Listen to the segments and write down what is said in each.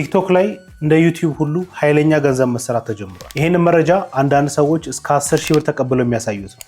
ቲክቶክ ላይ እንደ ዩቲዩብ ሁሉ ኃይለኛ ገንዘብ መሰራት ተጀምሯል። ይህንን መረጃ አንዳንድ ሰዎች እስከ 10 ሺህ ብር ተቀብለው የሚያሳዩት ነው።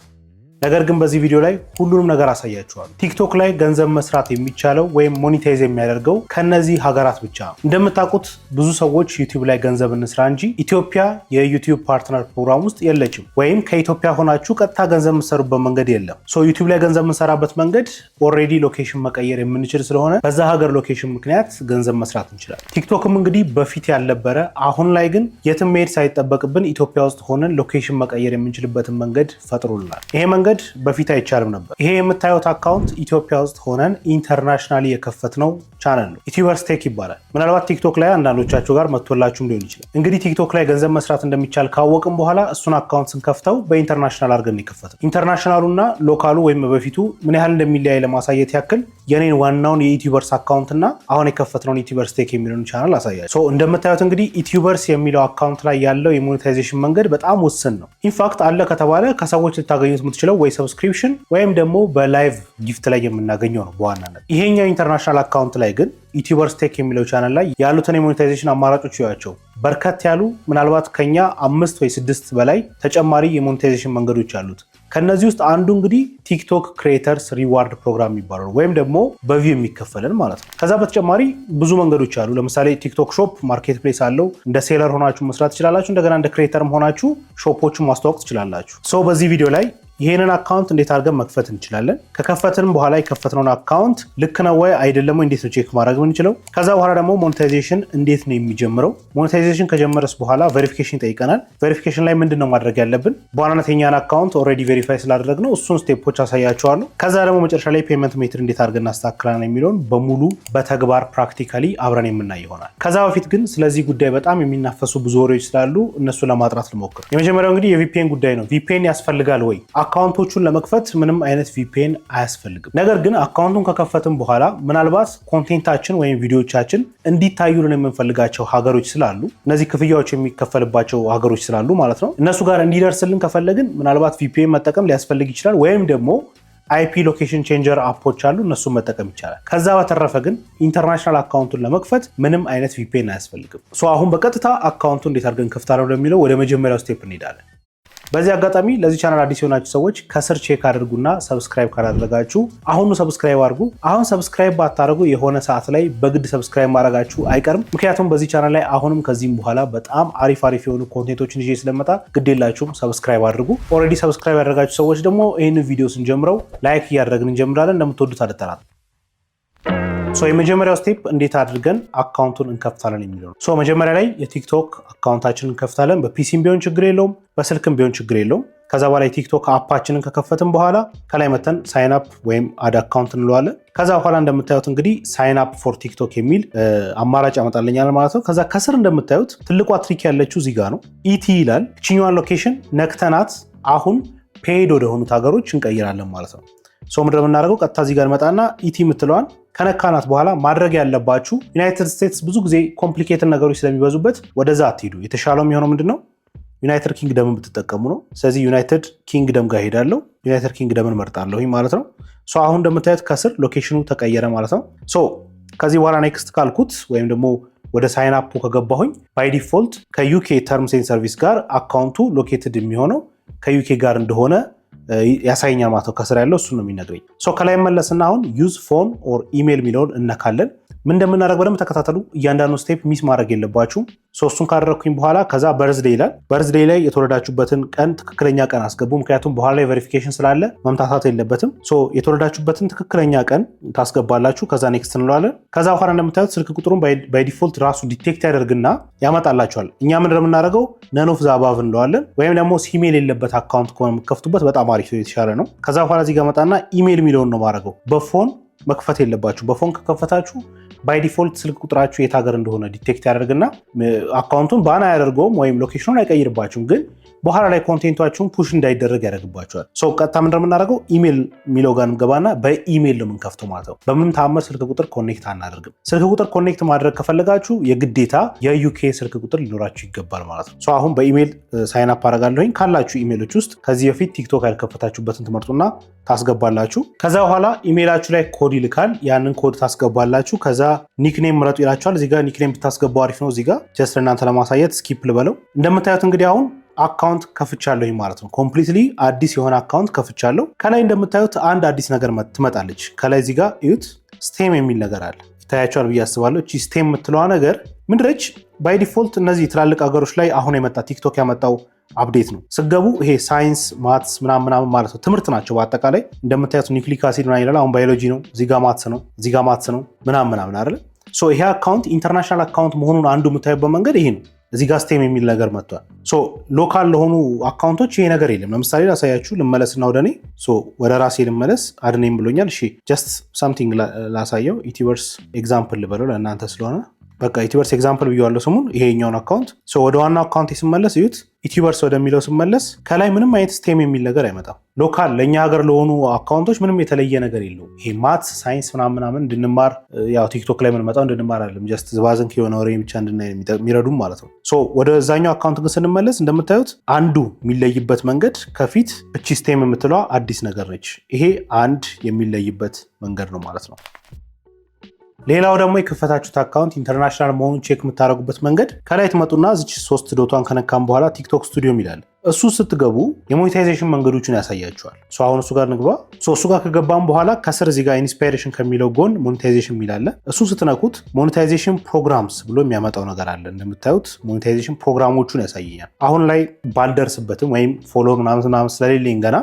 ነገር ግን በዚህ ቪዲዮ ላይ ሁሉንም ነገር አሳያችኋል። ቲክቶክ ላይ ገንዘብ መስራት የሚቻለው ወይም ሞኒታይዝ የሚያደርገው ከነዚህ ሀገራት ብቻ ነው። እንደምታውቁት ብዙ ሰዎች ዩቲዩብ ላይ ገንዘብ እንስራ እንጂ ኢትዮጵያ የዩቲዩብ ፓርትነር ፕሮግራም ውስጥ የለችም፣ ወይም ከኢትዮጵያ ሆናችሁ ቀጥታ ገንዘብ የምትሰሩበት መንገድ የለም። ሶ ዩቲዩብ ላይ ገንዘብ የምንሰራበት መንገድ ኦልሬዲ ሎኬሽን መቀየር የምንችል ስለሆነ በዛ ሀገር ሎኬሽን ምክንያት ገንዘብ መስራት እንችላል። ቲክቶክም እንግዲህ በፊት ያልነበረ አሁን ላይ ግን የትም መሄድ ሳይጠበቅብን ኢትዮጵያ ውስጥ ሆነን ሎኬሽን መቀየር የምንችልበትን መንገድ ፈጥሮልናል። ይሄ መንገድ መንገድ በፊት አይቻልም ነበር። ይሄ የምታዩት አካውንት ኢትዮጵያ ውስጥ ሆነን ኢንተርናሽናሊ የከፈትነው ቻነል ነው። ዩቲዩበርስ ቴክ ይባላል። ምናልባት ቲክቶክ ላይ አንዳንዶቻችሁ ጋር መቶላችሁም ሊሆን ይችላል። እንግዲህ ቲክቶክ ላይ ገንዘብ መስራት እንደሚቻል ካወቅም በኋላ እሱን አካውንት ስንከፍተው በኢንተርናሽናል አድርገን የከፈትነው። ኢንተርናሽናሉና ሎካሉ ወይም በፊቱ ምን ያህል እንደሚለያይ ለማሳየት ያክል የኔን ዋናውን የዩቲዩበርስ አካውንትና አሁን የከፈትነውን ዩቲዩበርስ ቴክ የሚለውን ቻናል አሳያለሁ። እንደምታዩት እንግዲህ ዩቲዩበርስ የሚለው አካውንት ላይ ያለው የሞኔታይዜሽን መንገድ በጣም ውስን ነው። ኢንፋክት አለ ከተባለ ከሰዎች ልታገኙት የምትችለው ወይ ሰብስክሪፕሽን ወይም ደግሞ በላይቭ ጊፍት ላይ የምናገኘው ነው በዋናነት። ይሄኛው ኢንተርናሽናል አካውንት ላይ ግን ዩቲዩበርስ ቴክ የሚለው ቻናል ላይ ያሉትን የሞኔታይዜሽን አማራጮች ያቸው በርከት ያሉ ምናልባት ከኛ አምስት ወይ ስድስት በላይ ተጨማሪ የሞኔታይዜሽን መንገዶች አሉት። ከነዚህ ውስጥ አንዱ እንግዲህ ቲክቶክ ክሬተርስ ሪዋርድ ፕሮግራም የሚባለው ወይም ደግሞ በቪው የሚከፈልን ማለት ነው። ከዛ በተጨማሪ ብዙ መንገዶች አሉ። ለምሳሌ ቲክቶክ ሾፕ ማርኬት ፕሌስ አለው። እንደ ሴለር ሆናችሁ መስራት ትችላላችሁ። እንደገና እንደ ክሬተርም ሆናችሁ ሾፖችን ማስተዋወቅ ትችላላችሁ። ሰው በዚህ ቪዲዮ ላይ ይህንን አካውንት እንዴት አድርገን መክፈት እንችላለን? ከከፈትን በኋላ የከፈትነውን አካውንት ልክ ነው ወይ አይደለም ወይ እንዴት ነው ቼክ ማድረግ የምንችለው? ከዛ በኋላ ደግሞ ሞኔታይዜሽን እንዴት ነው የሚጀምረው? ሞኔታይዜሽን ከጀመረስ በኋላ ቬሪፊኬሽን ይጠይቀናል። ቬሪፊኬሽን ላይ ምንድን ነው ማድረግ ያለብን? በዋናነት የኛን አካውንት ኦልሬዲ ቬሪፋይ ስላደረግ ነው እሱን ስቴፖች አሳያቸዋሉ። ከዛ ደግሞ መጨረሻ ላይ ፔመንት ሜትር እንዴት አድርገን እናስተካክላለን የሚለውን በሙሉ በተግባር ፕራክቲካሊ አብረን የምናይ ይሆናል። ከዛ በፊት ግን ስለዚህ ጉዳይ በጣም የሚናፈሱ ብዙ ወሬዎች ስላሉ እነሱ ለማጥራት ልሞክር። የመጀመሪያው እንግዲህ የቪፒኤን ጉዳይ ነው። ቪፒኤን ያስፈልጋል ወይ አካውንቶቹን ለመክፈት ምንም አይነት ቪፒኤን አያስፈልግም። ነገር ግን አካውንቱን ከከፈትን በኋላ ምናልባት ኮንቴንታችን ወይም ቪዲዮቻችን እንዲታዩልን የምንፈልጋቸው ሀገሮች ስላሉ እነዚህ ክፍያዎች የሚከፈልባቸው ሀገሮች ስላሉ ማለት ነው እነሱ ጋር እንዲደርስልን ከፈለግን ምናልባት ቪፒኤን መጠቀም ሊያስፈልግ ይችላል ወይም ደግሞ አይፒ ሎኬሽን ቼንጀር አፖች አሉ፣ እነሱን መጠቀም ይቻላል። ከዛ በተረፈ ግን ኢንተርናሽናል አካውንቱን ለመክፈት ምንም አይነት ቪፒኤን አያስፈልግም። አሁን በቀጥታ አካውንቱ እንዴት አድርገን ከፍታለሁ ለሚለው ወደ መጀመሪያው ስቴፕ እንሄዳለን። በዚህ አጋጣሚ ለዚህ ቻናል አዲስ የሆናችሁ ሰዎች ከስር ቼክ አድርጉና ሰብስክራይብ ካላደረጋችሁ አሁኑ ሰብስክራይብ አድርጉ። አሁን ሰብስክራይብ ባታደርጉ የሆነ ሰዓት ላይ በግድ ሰብስክራይብ ማድረጋችሁ አይቀርም። ምክንያቱም በዚህ ቻናል ላይ አሁንም ከዚህም በኋላ በጣም አሪፍ አሪፍ የሆኑ ኮንቴንቶችን ይዤ ስለመጣ የላችሁም፣ ሰብስክራይብ አድርጉ። ኦልሬዲ ሰብስክራይብ ያደረጋችሁ ሰዎች ደግሞ ይህንን ቪዲዮ ስንጀምረው ላይክ እያደረግን እንጀምራለን። እንደምትወዱት አልጠራጠርም። ሶ የመጀመሪያው ስቴፕ እንዴት አድርገን አካውንቱን እንከፍታለን የሚለው ነው። ሶ መጀመሪያ ላይ የቲክቶክ አካውንታችን እንከፍታለን። በፒሲም ቢሆን ችግር የለውም፣ በስልክም ቢሆን ችግር የለውም። ከዛ በኋላ የቲክቶክ አፓችንን ከከፈትን በኋላ ከላይ መተን ሳይን አፕ ወይም አድ አካውንት እንለዋለን። ከዛ በኋላ እንደምታዩት እንግዲህ ሳይን አፕ ፎር ቲክቶክ የሚል አማራጭ ያመጣልኛል ማለት ነው። ከዛ ከስር እንደምታዩት ትልቋ ትሪክ ያለችው እዚህ ነው። ኢቲ ይላል። ችኛዋን ሎኬሽን ነክተናት አሁን ፔድ ወደሆኑት ሀገሮች እንቀይራለን ማለት ነው። ሰው ምድር የምናደርገው ቀጥታ እዚህ ጋር መጣና ኢቲ የምትለዋን ከነካናት በኋላ ማድረግ ያለባችሁ ዩናይትድ ስቴትስ ብዙ ጊዜ ኮምፕሊኬትድ ነገሮች ስለሚበዙበት ወደዛ አትሄዱ። የተሻለው የሚሆነው ምንድን ነው? ዩናይትድ ኪንግደምን ብትጠቀሙ ነው። ስለዚህ ዩናይትድ ኪንግደም ጋር ሄዳለው፣ ዩናይትድ ኪንግደምን መርጣለሁ ማለት ነው። አሁን እንደምታዩት ከስር ሎኬሽኑ ተቀየረ ማለት ነው። ከዚህ በኋላ ኔክስት ካልኩት ወይም ደግሞ ወደ ሳይን አፕ ከገባሁኝ ባይ ዲፎልት ከዩኬ ተርምስ ኤንድ ሰርቪስ ጋር አካውንቱ ሎኬትድ የሚሆነው ከዩኬ ጋር እንደሆነ ያሳየኛ ማተው ከስር ያለው እሱ ነው የሚነግረኝ። ከላይ መለስና አሁን ዩዝ ፎን ኦር ኢሜል የሚለውን እነካለን። ምን እንደምናደርግ በደንብ ተከታተሉ። እያንዳንዱ ስቴፕ ሚስ ማድረግ የለባችሁም። ሶስቱን ካደረግኩኝ በኋላ ከዛ በርዝዴ ይላል። በርዝዴ ላይ የተወለዳችሁበትን ቀን ትክክለኛ ቀን አስገቡ። ምክንያቱም በኋላ ላይ ቬሪፊኬሽን ስላለ መምታታት የለበትም። የተወለዳችሁበትን ትክክለኛ ቀን ታስገባላችሁ። ከዛ ኔክስት እንለዋለን። ከዛ በኋላ እንደምታዩት ስልክ ቁጥሩን ባይዲፎልት ራሱ ዲቴክት ያደርግና ያመጣላችኋል። እኛ ምንድን ነው የምናደርገው ነኖፍ ዛባቭ እንለዋለን። ወይም ደግሞ ሲሜል የለበት አካውንት ከሆነ የምከፍቱበት በጣም አሪፍ የተሻለ ነው። ከዛ በኋላ እዚህ መጣና ኢሜል የሚለውን ነው ማድረገው። በፎን መክፈት የለባችሁ። በፎን ከከፈታችሁ ባይ ዲፎልት ስልክ ቁጥራችሁ የት ሀገር እንደሆነ ዲቴክት ያደርግና አካውንቱን ባን አያደርገውም ወይም ሎኬሽኑን አይቀይርባችሁም ግን በኋላ ላይ ኮንቴንቷችሁን ፑሽ እንዳይደረግ ያደርግባቸዋል። ሰው ቀጥታ ምንድን የምናደርገው? ኢሜል የሚለው ጋር እንገባና በኢሜል ነው የምንከፍተው ማለት ነው። በምንም ስልክ ቁጥር ኮኔክት አናደርግም። ስልክ ቁጥር ኮኔክት ማድረግ ከፈለጋችሁ የግዴታ የዩኬ ስልክ ቁጥር ሊኖራችሁ ይገባል ማለት ነው። ሰው አሁን በኢሜል ሳይን አፕ አደርጋለሁኝ ካላችሁ ኢሜሎች ውስጥ ከዚህ በፊት ቲክቶክ ያልከፈታችሁበትን ትመርጡና ታስገባላችሁ። ከዛ በኋላ ኢሜላችሁ ላይ ኮድ ይልካል። ያንን ኮድ ታስገባላችሁ። ከዛ ኒክኔም ምረጡ ይላችኋል። እዚጋ ኒክኔም ብታስገባው አሪፍ ነው። እዚጋ ጀስት እናንተ ለማሳየት ስኪፕ ልበለው። እንደምታዩት እንግዲህ አሁን አካውንት ከፍቻለሁኝ ማለት ነው። ኮምፕሊትሊ አዲስ የሆነ አካውንት ከፍቻለሁ። ከላይ እንደምታዩት አንድ አዲስ ነገር ትመጣለች። ከላይ እዚህ ጋር እዩት፣ ስቴም የሚል ነገር አለ ይታያቸዋል ብዬ አስባለሁ። ስቴም የምትለዋ ነገር ምንድረች? ባይ ዲፎልት እነዚህ ትላልቅ ሀገሮች ላይ አሁን የመጣ ቲክቶክ ያመጣው አፕዴት ነው። ስገቡ ይሄ ሳይንስ ማትስ ምናምን ምናምን ማለት ነው ትምህርት ናቸው። በአጠቃላይ እንደምታዩት ኒክሊክ አሲድ ምናምን ይላል። አሁን ባዮሎጂ ነው፣ ዚጋ ማትስ ነው፣ ዚጋ ማትስ ነው ምናምን ምናምን አይደለ። ይሄ አካውንት ኢንተርናሽናል አካውንት መሆኑን አንዱ የምታዩበት መንገድ ይሄ ነው። እዚህ ጋር ስቴም የሚል ነገር መጥቷል። ሶ ሎካል ለሆኑ አካውንቶች ይሄ ነገር የለም። ለምሳሌ ላሳያችሁ ልመለስና ወደ እኔ ወደ ራሴ ልመለስ። አድኔም ብሎኛል። ጀስት ሳምቲንግ ላሳየው ኢቲቨርስ ኤግዛምፕል ልበለው ለእናንተ ስለሆነ በቃ ዩቲዩበርስ ኤግዛምፕል ብያዋለሁ ስሙን ይሄኛውን አካውንት ወደ ዋናው አካውንት ስመለስ እዩት። ዩቲዩበርስ ወደሚለው ስመለስ ከላይ ምንም አይነት ስቴም የሚል ነገር አይመጣም። ሎካል ለእኛ ሀገር ለሆኑ አካውንቶች ምንም የተለየ ነገር የለው። ይሄ ማትስ ሳይንስ ምናምናምን እንድንማር ያው ቲክቶክ ላይ የምንመጣው እንድንማር አለም ጀስት ዝባዝንክ የሆነ ወሬ ብቻ እንድና የሚረዱም ማለት ነው። ወደዛኛው አካውንት ግን ስንመለስ እንደምታዩት አንዱ የሚለይበት መንገድ ከፊት እቺ ስቴም የምትለዋ አዲስ ነገር ነች። ይሄ አንድ የሚለይበት መንገድ ነው ማለት ነው። ሌላው ደግሞ የከፈታችሁት አካውንት ኢንተርናሽናል መሆኑን ቼክ የምታደረጉበት መንገድ ከላይ ትመጡና ዝች ሶስት ዶቷን ከነካም በኋላ ቲክቶክ ስቱዲዮም ይላል። እሱ ስትገቡ የሞኔታይዜሽን መንገዶችን ያሳያቸዋል። አሁን እሱ ጋር ንግባ። እሱ ጋር ከገባም በኋላ ከስር እዚህ ጋር ኢንስፓይሬሽን ከሚለው ጎን ሞኔታይዜሽን የሚላለ እሱ ስትነኩት ሞኔታይዜሽን ፕሮግራምስ ብሎ የሚያመጣው ነገር አለ። እንደምታዩት ሞኔታይዜሽን ፕሮግራሞቹን ያሳየኛል። አሁን ላይ ባልደርስበትም ወይም ፎሎ ምናምን ምናምን ስለሌለኝ ገና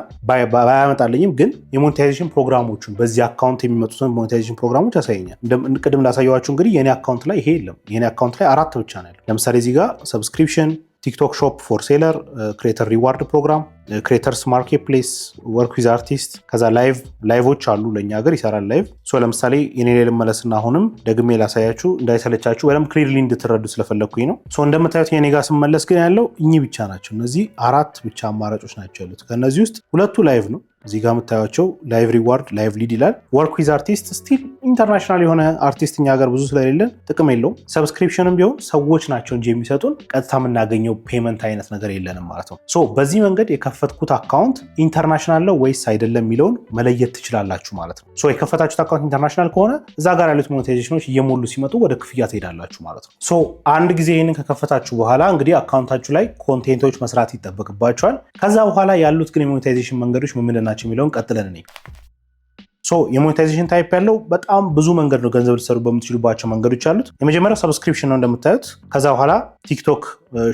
ባያመጣልኝም ግን የሞኔታይዜሽን ፕሮግራሞቹን በዚህ አካውንት የሚመጡትን ሞኔታይዜሽን ፕሮግራሞች ያሳየኛል። ቅድም እንዳሳየዋችሁ እንግዲህ የኔ አካውንት ላይ ይሄ የለም። የኔ አካውንት ላይ አራት ብቻ ነው ያለው። ለምሳሌ እዚህ ጋር ሰብስክሪፕሽን ቲክቶክ ሾፕ ፎር ሴለር፣ ክሬተር ሪዋርድ ፕሮግራም፣ ክሬተርስ ማርኬት ፕሌስ፣ ወርክ ዊዝ አርቲስት፣ ከዛ ላይቭ ላይቮች አሉ። ለእኛ ሀገር ይሰራል ላይቭ። ሶ ለምሳሌ የኔ ልመለስና አሁንም ደግሜ ላሳያችሁ እንዳይሰለቻችሁ፣ ወይም ክሊርሊ እንድትረዱ ስለፈለግኩኝ ነው። ሶ እንደምታዩት የኔ ጋር ስመለስ ግን ያለው እኚህ ብቻ ናቸው። እነዚህ አራት ብቻ አማራጮች ናቸው ያሉት። ከእነዚህ ውስጥ ሁለቱ ላይቭ ነው። እዚህ ጋር የምታያቸው ላይቭ ሪዋርድ ላይቭ ሊድ ይላል። ወርክ ዊዝ አርቲስት ስቲል ኢንተርናሽናል የሆነ አርቲስት እኛ ሀገር ብዙ ስለሌለን ጥቅም የለውም። ሰብስክሪፕሽንም ቢሆን ሰዎች ናቸው እንጂ የሚሰጡን ቀጥታ የምናገኘው ፔመንት አይነት ነገር የለንም ማለት ነው። ሶ በዚህ መንገድ የከፈትኩት አካውንት ኢንተርናሽናል ነው ወይስ አይደለም የሚለውን መለየት ትችላላችሁ ማለት ነው። ሶ የከፈታችሁት አካውንት ኢንተርናሽናል ከሆነ እዛ ጋር ያሉት ሞኔታይዜሽኖች እየሞሉ ሲመጡ ወደ ክፍያ ትሄዳላችሁ ማለት ነው። ሶ አንድ ጊዜ ይህንን ከከፈታችሁ በኋላ እንግዲህ አካውንታችሁ ላይ ኮንቴንቶች መስራት ይጠበቅባቸዋል። ከዛ በኋላ ያሉት ግን የሞኔታይዜሽን መንገዶች ምንድን ናቸው የሚለውን ቀጥለን እኔ ሶ የሞኔታይዜሽን ታይፕ ያለው በጣም ብዙ መንገድ ነው። ገንዘብ ልትሰሩ በምትችሉባቸው መንገዶች አሉት። የመጀመሪያው ሰብስክሪፕሽን ነው እንደምታዩት። ከዛ በኋላ ቲክቶክ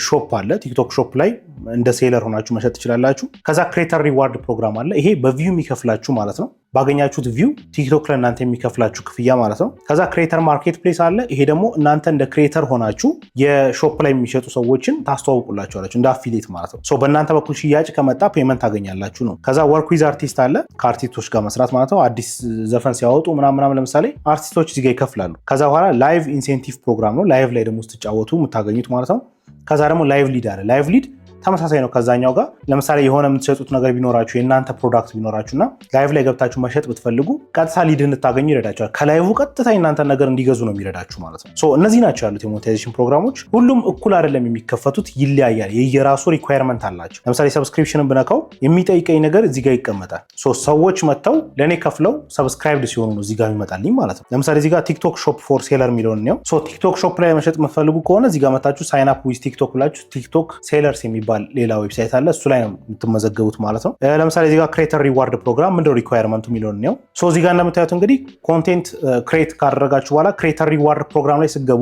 ሾፕ አለ። ቲክቶክ ሾፕ ላይ እንደ ሴለር ሆናችሁ መሸጥ ትችላላችሁ። ከዛ ክሬተር ሪዋርድ ፕሮግራም አለ። ይሄ በቪው የሚከፍላችሁ ማለት ነው። ባገኛችሁት ቪው ቲክቶክ ለእናንተ የሚከፍላችሁ ክፍያ ማለት ነው። ከዛ ክሬተር ማርኬት ፕሌስ አለ። ይሄ ደግሞ እናንተ እንደ ክሬተር ሆናችሁ የሾፕ ላይ የሚሸጡ ሰዎችን ታስተዋውቁላችኋላችሁ እንደ አፊሌት ማለት ነው። በእናንተ በኩል ሽያጭ ከመጣ ፔመንት ታገኛላችሁ ነው። ከዛ ወርክ ዊዝ አርቲስት አለ። ከአርቲስቶች ጋር መስራት ማለት ነው። አዲስ ዘፈን ሲያወጡ ምናምናም ለምሳሌ አርቲስቶች እዚጋ ይከፍላሉ። ከዛ በኋላ ላይቭ ኢንሴንቲቭ ፕሮግራም ነው። ላይቭ ላይ ደግሞ ስትጫወቱ የምታገኙት ማለት ነው። ከዛ ደግሞ ላይቭ ሊድ አለ። ላይቭ ሊድ ተመሳሳይ ነው ከዛኛው ጋር። ለምሳሌ የሆነ የምትሸጡት ነገር ቢኖራችሁ የእናንተ ፕሮዳክት ቢኖራችሁእና ላይቭ ላይ ገብታችሁ መሸጥ ብትፈልጉ ቀጥታ ሊድ እንታገኙ ይረዳቸዋል። ከላይቭ ቀጥታ የእናንተ ነገር እንዲገዙ ነው የሚረዳችሁ ማለት ነው። እነዚህ ናቸው ያሉት የሞኔታይዜሽን ፕሮግራሞች። ሁሉም እኩል አይደለም የሚከፈቱት፣ ይለያያል። የየራሱ ሪኳየርመንት አላቸው። ለምሳሌ ሰብስክሪፕሽንን ብነካው የሚጠይቀኝ ነገር እዚህ ጋር ይቀመጣል። ሰዎች መጥተው ለእኔ ከፍለው ሰብስክራይብድ ሲሆኑ ነው እዚህ ጋር ይመጣልኝ ማለት ነው። ለምሳሌ እዚህ ጋር ቲክቶክ ሾፕ ፎር ሴለር የሚለውን ቲክቶክ ሾፕ ላይ መሸጥ የምትፈልጉ ከሆነ እዚህ ጋር መታችሁ ሳይን አፕ ዊዝ ቲክቶክ ብላችሁ ቲክቶክ ሴለርስ የሚባል የሚባል ሌላ ዌብሳይት አለ። እሱ ላይ ነው የምትመዘገቡት ማለት ነው። ለምሳሌ እዚጋ ክሬተር ሪዋርድ ፕሮግራም ምንድን ሪኳርመንቱ ሪኳየርመንቱ የሚለውን ነው። ሶ እዚጋ እንደምታዩት እንግዲህ ኮንቴንት ክሬት ካደረጋችሁ በኋላ ክሬተር ሪዋርድ ፕሮግራም ላይ ስገቡ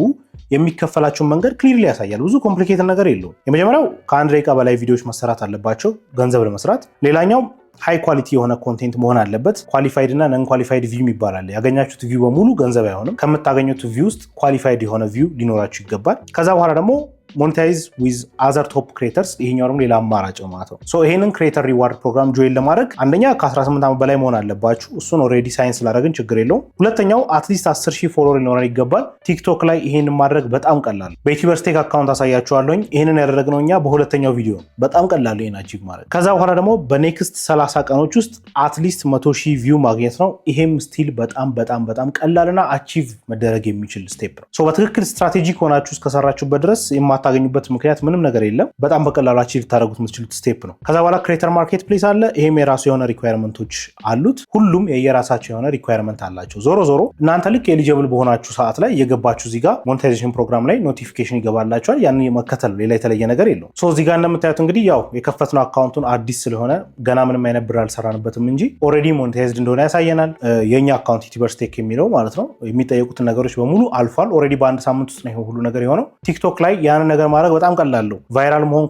የሚከፈላችሁን መንገድ ክሊርሊ ያሳያል። ብዙ ኮምፕሊኬትድ ነገር የለውም። የመጀመሪያው ከአንድ ደቂቃ በላይ ቪዲዮዎች መሰራት አለባቸው ገንዘብ ለመስራት። ሌላኛው ሃይ ኳሊቲ የሆነ ኮንቴንት መሆን አለበት። ኳሊፋይድ እና ነን ኳሊፋይድ ቪው ይባላል። ያገኛችሁት ቪው በሙሉ ገንዘብ አይሆንም። ከምታገኙት ቪው ውስጥ ኳሊፋይድ የሆነ ቪው ሊኖራችሁ ይገባል። ከዛ በኋላ ደግሞ ሞኔታይዝ ዊዝ አዘር ቶፕ ክሬተርስ፣ ይሄኛው ደግሞ ሌላ አማራጭ ማለት ነው። ሶ ይሄንን ክሬተር ሪዋርድ ፕሮግራም ጆይን ለማድረግ አንደኛ ከ18 ዓመት በላይ መሆን አለባችሁ። እሱን ኦልሬዲ ሳይንስ ስላደረግን ችግር የለውም። ሁለተኛው አትሊስት 10 ሺህ ፎሎወር ሊኖረን ይገባል። ቲክቶክ ላይ ይሄን ማድረግ በጣም ቀላል። በዩቲዩበርስ አካውንት አሳያችኋለሁኝ። ይህንን ያደረግነው እኛ በሁለተኛው ቪዲዮ በጣም ቀላል ይሄን አቺቭ ማድረግ። ከዛ በኋላ ደግሞ በኔክስት 30 ቀኖች ውስጥ አትሊስት 100 ሺህ ቪው ማግኘት ነው። ይሄም ስቲል በጣም በጣም በጣም ቀላልና አቺቭ መደረግ የሚችል ስቴፕ ነው። በትክክል ስትራቴጂ ሆናችሁ እስከሰራችሁበት ድረስ የማ የማታገኙበት ምክንያት ምንም ነገር የለም። በጣም በቀላሉ አቺቭ ታደረጉት የምትችሉት ስቴፕ ነው። ከዛ በኋላ ክሬተር ማርኬት ፕሌስ አለ። ይሄም የራሱ የሆነ ሪኳየርመንቶች አሉት። ሁሉም የየራሳቸው የሆነ ሪኳየርመንት አላቸው። ዞሮ ዞሮ እናንተ ልክ ኤሊጀብል በሆናችሁ ሰዓት ላይ የገባችሁ ዚጋ ሞኔታይዜሽን ፕሮግራም ላይ ኖቲፊኬሽን ይገባላቸዋል። ያን መከተል ሌላ የተለየ ነገር የለው። ሶ ዚጋ እንደምታዩት እንግዲህ ያው የከፈትነው አካውንቱን አዲስ ስለሆነ ገና ምንም አይነት ብር አልሰራንበትም እንጂ ኦልሬዲ ሞኔታይዝድ እንደሆነ ያሳየናል። የእኛ አካውንት ዩቲቨርስ ቴክ የሚለው ማለት ነው። የሚጠየቁትን ነገሮች በሙሉ አልፏል። ኦልሬዲ በአንድ ሳምንት ውስጥ ነው ሁሉ ነገር የሆነው። ቲክቶክ ላይ ያንን ነገር ማድረግ በጣም ቀላል ነው። ቫይራል መሆን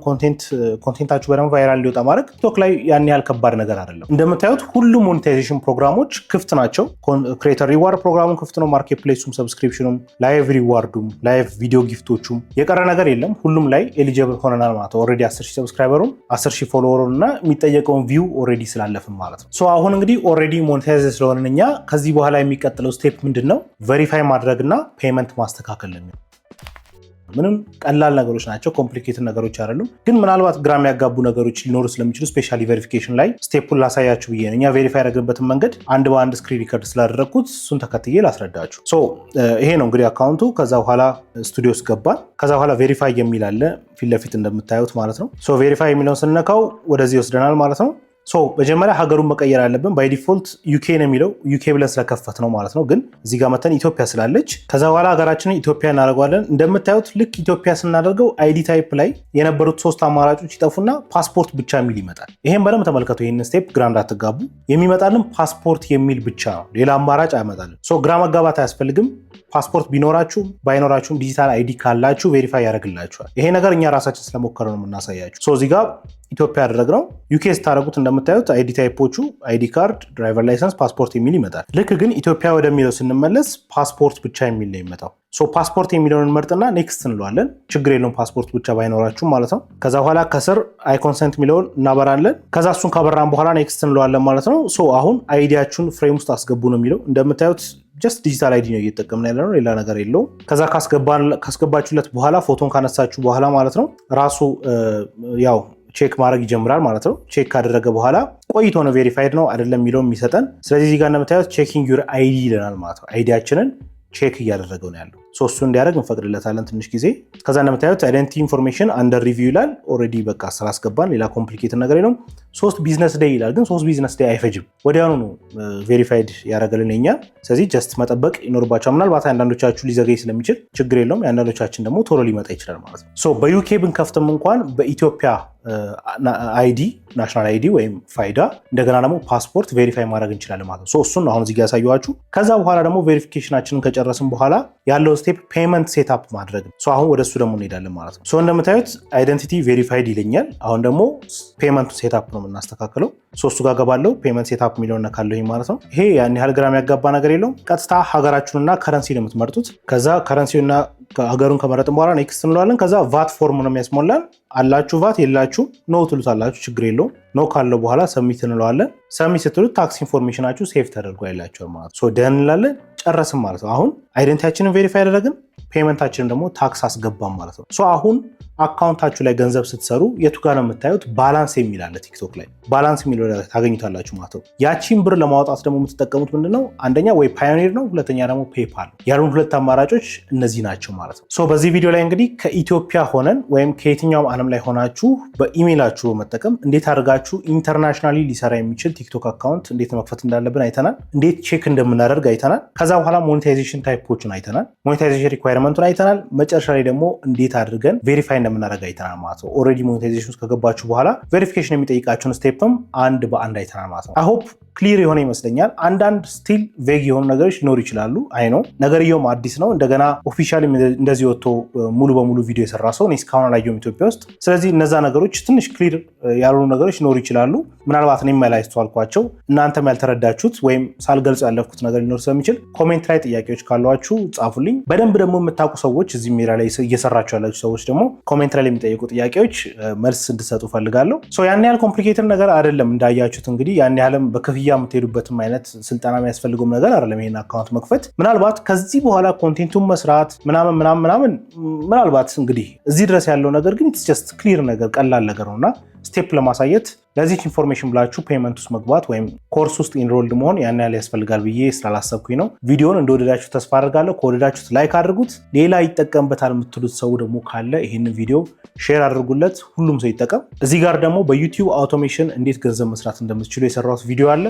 ኮንቴንታችሁ በደንብ ቫይራል ሊወጣ ማድረግ ቲክቶክ ላይ ያን ያህል ከባድ ነገር አይደለም። እንደምታዩት ሁሉም ሞኔታይዜሽን ፕሮግራሞች ክፍት ናቸው። ክሬተር ሪዋርድ ፕሮግራሙ ክፍት ነው። ማርኬት ፕሌሱም፣ ሰብስክሪፕሽኑም፣ ላይቭ ሪዋርዱም፣ ላይቭ ቪዲዮ ጊፍቶቹም የቀረ ነገር የለም። ሁሉም ላይ ኤሊጀብል ሆነናል ማለት ነው። ኦልሬዲ 10 ሺህ ሰብስክራይበሩም 10 ሺህ ፎሎወሩን እና የሚጠየቀውን ቪው ኦልሬዲ ስላለፍን ማለት ነው። ሶ አሁን እንግዲህ ኦልሬዲ ሞኔታይዝ ስለሆንን እኛ ከዚህ በኋላ የሚቀጥለው ስቴፕ ምንድን ነው? ቬሪፋይ ማድረግና ፔመንት ማስተካከል ነው። ምንም ቀላል ነገሮች ናቸው፣ ኮምፕሊኬትድ ነገሮች አይደሉም። ግን ምናልባት ግራ የሚያጋቡ ነገሮች ሊኖሩ ስለሚችሉ ስፔሻሊ ቬሪፊኬሽን ላይ ስቴፑን ላሳያችሁ ብዬ ነው። እኛ ቬሪፋይ ያደረግንበትን መንገድ አንድ በአንድ ስክሪን ሪከርድ ስላደረግኩት እሱን ተከትዬ ላስረዳችሁ። ሶ ይሄ ነው እንግዲህ አካውንቱ። ከዛ በኋላ ስቱዲዮ ውስጥ ገባን። ከዛ በኋላ ቬሪፋይ የሚል አለ ፊት ለፊት እንደምታዩት ማለት ነው። ሶ ቬሪፋይ የሚለውን ስንነካው ወደዚህ ይወስደናል ማለት ነው። መጀመሪያ ሀገሩን መቀየር አለብን። ባይ ዲፎልት ዩኬ ነው የሚለው ዩኬ ብለን ስለከፈት ነው ማለት ነው። ግን እዚህ ጋር መተን ኢትዮጵያ ስላለች ከዛ በኋላ ሀገራችንን ኢትዮጵያ እናደርገዋለን። እንደምታዩት ልክ ኢትዮጵያ ስናደርገው አይዲ ታይፕ ላይ የነበሩት ሶስት አማራጮች ይጠፉና ፓስፖርት ብቻ የሚል ይመጣል። ይሄን በደንብ ተመልከቱ። ይህን ስቴፕ ግራ እንዳትጋቡ። የሚመጣልን ፓስፖርት የሚል ብቻ ነው፣ ሌላ አማራጭ አይመጣልን። ሶ ግራ መጋባት አያስፈልግም። ፓስፖርት ቢኖራችሁ ባይኖራችሁም ዲጂታል አይዲ ካላችሁ ቬሪፋይ ያደርግላችኋል። ይሄ ነገር እኛ ራሳችን ስለሞከረ ነው የምናሳያችሁ። እዚህ ጋር ኢትዮጵያ ያደረግነው ዩኬ ስታደረጉት እንደ እንደምታዩት አይዲ ታይፖቹ አይዲ ካርድ፣ ድራይቨር ላይሰንስ፣ ፓስፖርት የሚል ይመጣል። ልክ ግን ኢትዮጵያ ወደሚለው ስንመለስ ፓስፖርት ብቻ የሚል ነው የሚመጣው። ሶ ፓስፖርት የሚለውን ምርጥና ኔክስት እንለዋለን። ችግር የለውም ፓስፖርት ብቻ ባይኖራችሁ ማለት ነው። ከዛ በኋላ ከስር አይ ኮንሰንት የሚለውን እናበራለን። ከዛ እሱን ካበራን በኋላ ኔክስት እንለዋለን ማለት ነው። ሶ አሁን አይዲያችሁን ፍሬም ውስጥ አስገቡ ነው የሚለው እንደምታዩት ጀስት ዲጂታል አይዲ ነው እየተጠቀምን ያለ ነው። ሌላ ነገር የለውም። ከዛ ካስገባችሁለት በኋላ ፎቶን ካነሳችሁ በኋላ ማለት ነው ራሱ ያው ቼክ ማድረግ ይጀምራል ማለት ነው። ቼክ ካደረገ በኋላ ቆይቶ ነው ቬሪፋይድ ነው አይደለም የሚለውም የሚሰጠን። ስለዚህ እዚህ ጋር እንደምታዩት ቼኪንግ ዩር አይዲ ይለናል ማለት ነው። አይዲያችንን ቼክ እያደረገው ነው ያለው። ሶስቱ እንዲያደርግ እንፈቅድለታለን ትንሽ ጊዜ። ከዛ እንደምታዩት አይደንቲ ኢንፎርሜሽን አንደር ሪቪው ይላል። ኦልሬዲ በቃ ስራ አስገባን። ሌላ ኮምፕሊኬትን ነገር የለውም። ሶስት ቢዝነስ ዴይ ይላል፣ ግን ሶስት ቢዝነስ ዴይ አይፈጅም። ወዲያውኑ ነው ቬሪፋይድ uh, ያደረገልን እኛ። ስለዚህ ጀስት መጠበቅ ይኖርባቸዋል። ምናልባት አንዳንዶቻችሁ ሊዘገይ ስለሚችል ችግር የለውም። የአንዳንዶቻችን ደግሞ ቶሎ ሊመጣ ይችላል ማለት ነው። በዩኬ ብንከፍትም እንኳን በኢትዮጵያ አይዲ ናሽናል አይዲ ወይም ፋይዳ እንደገና ደግሞ ፓስፖርት ቬሪፋይ ማድረግ እንችላለን ማለት ነው። እሱን አሁን እዚህ ያሳየኋችሁ። ከዛ በኋላ ደግሞ ቬሪፊኬሽናችንን ከጨረስን በኋላ ያለው ስቴፕ ፔመንት ሴትፕ ማድረግ ነው። አሁን ወደ እሱ ደግሞ እንሄዳለን ማለት ነው። እንደምታዩት አይደንቲቲ ቬሪፋይድ ይለኛል። አሁን ደግሞ ፔመንቱ ሴትፕ ነው የምናስተካክለው። ሶስቱ ጋር ገባለው ፔመንት ሴትፕ የሚለውን እነካለሁኝ ማለት ነው። ይሄ ያን ያህል ግራም ያጋባ ነገር የለውም። ቀጥታ ሀገራችሁንና ከረንሲ ነው የምትመርጡት። ከዛ ከረንሲና ሀገሩን ከመረጥን በኋላ ኔክስት እንለዋለን። ከዛ ቫት ፎርም ነው የሚያስሞላን። አላችሁ ቫት የላችሁ ኖ ትሉት አላችሁ፣ ችግር የለውም ኖ ካለው በኋላ ሰሚት እንለዋለን። ሰሚት ስትሉት ታክስ ኢንፎርሜሽናችሁ ሴፍ ተደርጎ ያላቸው ማለት ደህን እንላለን። ጨረስም ማለት ነው። አሁን አይደንቲያችንን ቬሪፋይ ያደረግን ፔመንታችንን ደግሞ ታክስ አስገባም ማለት ነው። አሁን አካውንታችሁ ላይ ገንዘብ ስትሰሩ የቱ ጋር ነው የምታዩት? ባላንስ የሚል አለ ቲክቶክ ላይ ባላንስ የሚል ታገኙታላችሁ ማለት ነው። ያቺን ብር ለማውጣት ደግሞ የምትጠቀሙት ምንድነው? አንደኛ ወይ ፓዮኒር ነው፣ ሁለተኛ ደግሞ ፔፓል። ያሉን ሁለት አማራጮች እነዚህ ናቸው ማለት ነው። ሶ በዚህ ቪዲዮ ላይ እንግዲህ ከኢትዮጵያ ሆነን ወይም ከየትኛውም ዓለም ላይ ሆናችሁ በኢሜይላችሁ በመጠቀም እንዴት አድርጋችሁ ኢንተርናሽናሊ ሊሰራ የሚችል ቲክቶክ አካውንት እንዴት መክፈት እንዳለብን አይተናል። እንዴት ቼክ እንደምናደርግ አይተናል። ከዛ በኋላ ሞኔታይዜሽን ታይፖችን አይተናል። ሞኔታይዜሽን ሪኳየርመንቱን አይተናል። መጨረሻ ላይ ደግሞ እንዴት አድርገን ቬሪፋይ እንደምናደርግ አይተናል ማለት ነው። ኦልሬዲ ሞኔታይዜሽን ውስጥ ከገባችሁ በኋላ ቬሪፊኬሽን የሚጠይቃችሁን ስቴፕም አንድ በአንድ አይተናል ማለት ነው። አይ ሆፕ ክሊር የሆነ ይመስለኛል። አንዳንድ ስቲል ቬግ የሆኑ ነገሮች ሊኖሩ ይችላሉ። አይ ነው ነገርየውም አዲስ ነው። እንደገና ኦፊሻል እንደዚህ ወጥቶ uh, ሙሉ በሙሉ ቪዲዮ የሰራ ሰው እኔ እስካሁን አላየሁም ኢትዮጵያ ውስጥ። ስለዚህ እነዛ ነገሮች ትንሽ ክሊር ያልሆኑ ነገሮች ሊኖሩ ይችላሉ። ምናልባት እኔም ያላስተዋልኳቸው እናንተም ያልተረዳችሁት ወይም ሳልገልጽ ያለፍኩት ነገር ሊኖር ስለሚችል ኮሜንት ላይ ጥያቄዎች ካሏችሁ ጻፉልኝ። በደንብ ደግሞ የምታውቁ ሰዎች እዚህ ሜዳ ላይ እየሰራችሁ ያላችሁ ሰዎች ደግሞ ኮሜንት ላይ የሚጠየቁ ጥያቄዎች uh, መልስ እንድሰጡ ፈልጋለሁ። ያን ያህል ኮምፕሊኬትድ ነገር አይደለም። እንዳያችሁት እንግዲህ ያን ያህልም በክፍ ክፍያ የምትሄዱበትም አይነት ስልጠና የሚያስፈልገውም ነገር አይደለም። ይሄን አካውንት መክፈት ምናልባት ከዚህ በኋላ ኮንቴንቱን መስራት ምናምን ምናምን ምናምን ምናልባት እንግዲህ እዚህ ድረስ ያለው ነገር ግን ጀስት ክሊር ነገር ቀላል ነገር ነው እና ስቴፕ ለማሳየት ለዚች ኢንፎርሜሽን ብላችሁ ፔመንት ውስጥ መግባት ወይም ኮርስ ውስጥ ኢንሮልድ መሆን ያን ያህል ያስፈልጋል ብዬ ስላላሰብኩኝ ነው። ቪዲዮን እንደወደዳችሁ ተስፋ አድርጋለሁ። ከወደዳችሁት ላይክ አድርጉት። ሌላ ይጠቀምበታል የምትሉት ሰው ደግሞ ካለ ይህንን ቪዲዮ ሼር አድርጉለት፣ ሁሉም ሰው ይጠቀም። እዚህ ጋር ደግሞ በዩቲዩብ አውቶሜሽን እንዴት ገንዘብ መስራት እንደምትችሉ የሰራሁት ቪዲዮ አለ።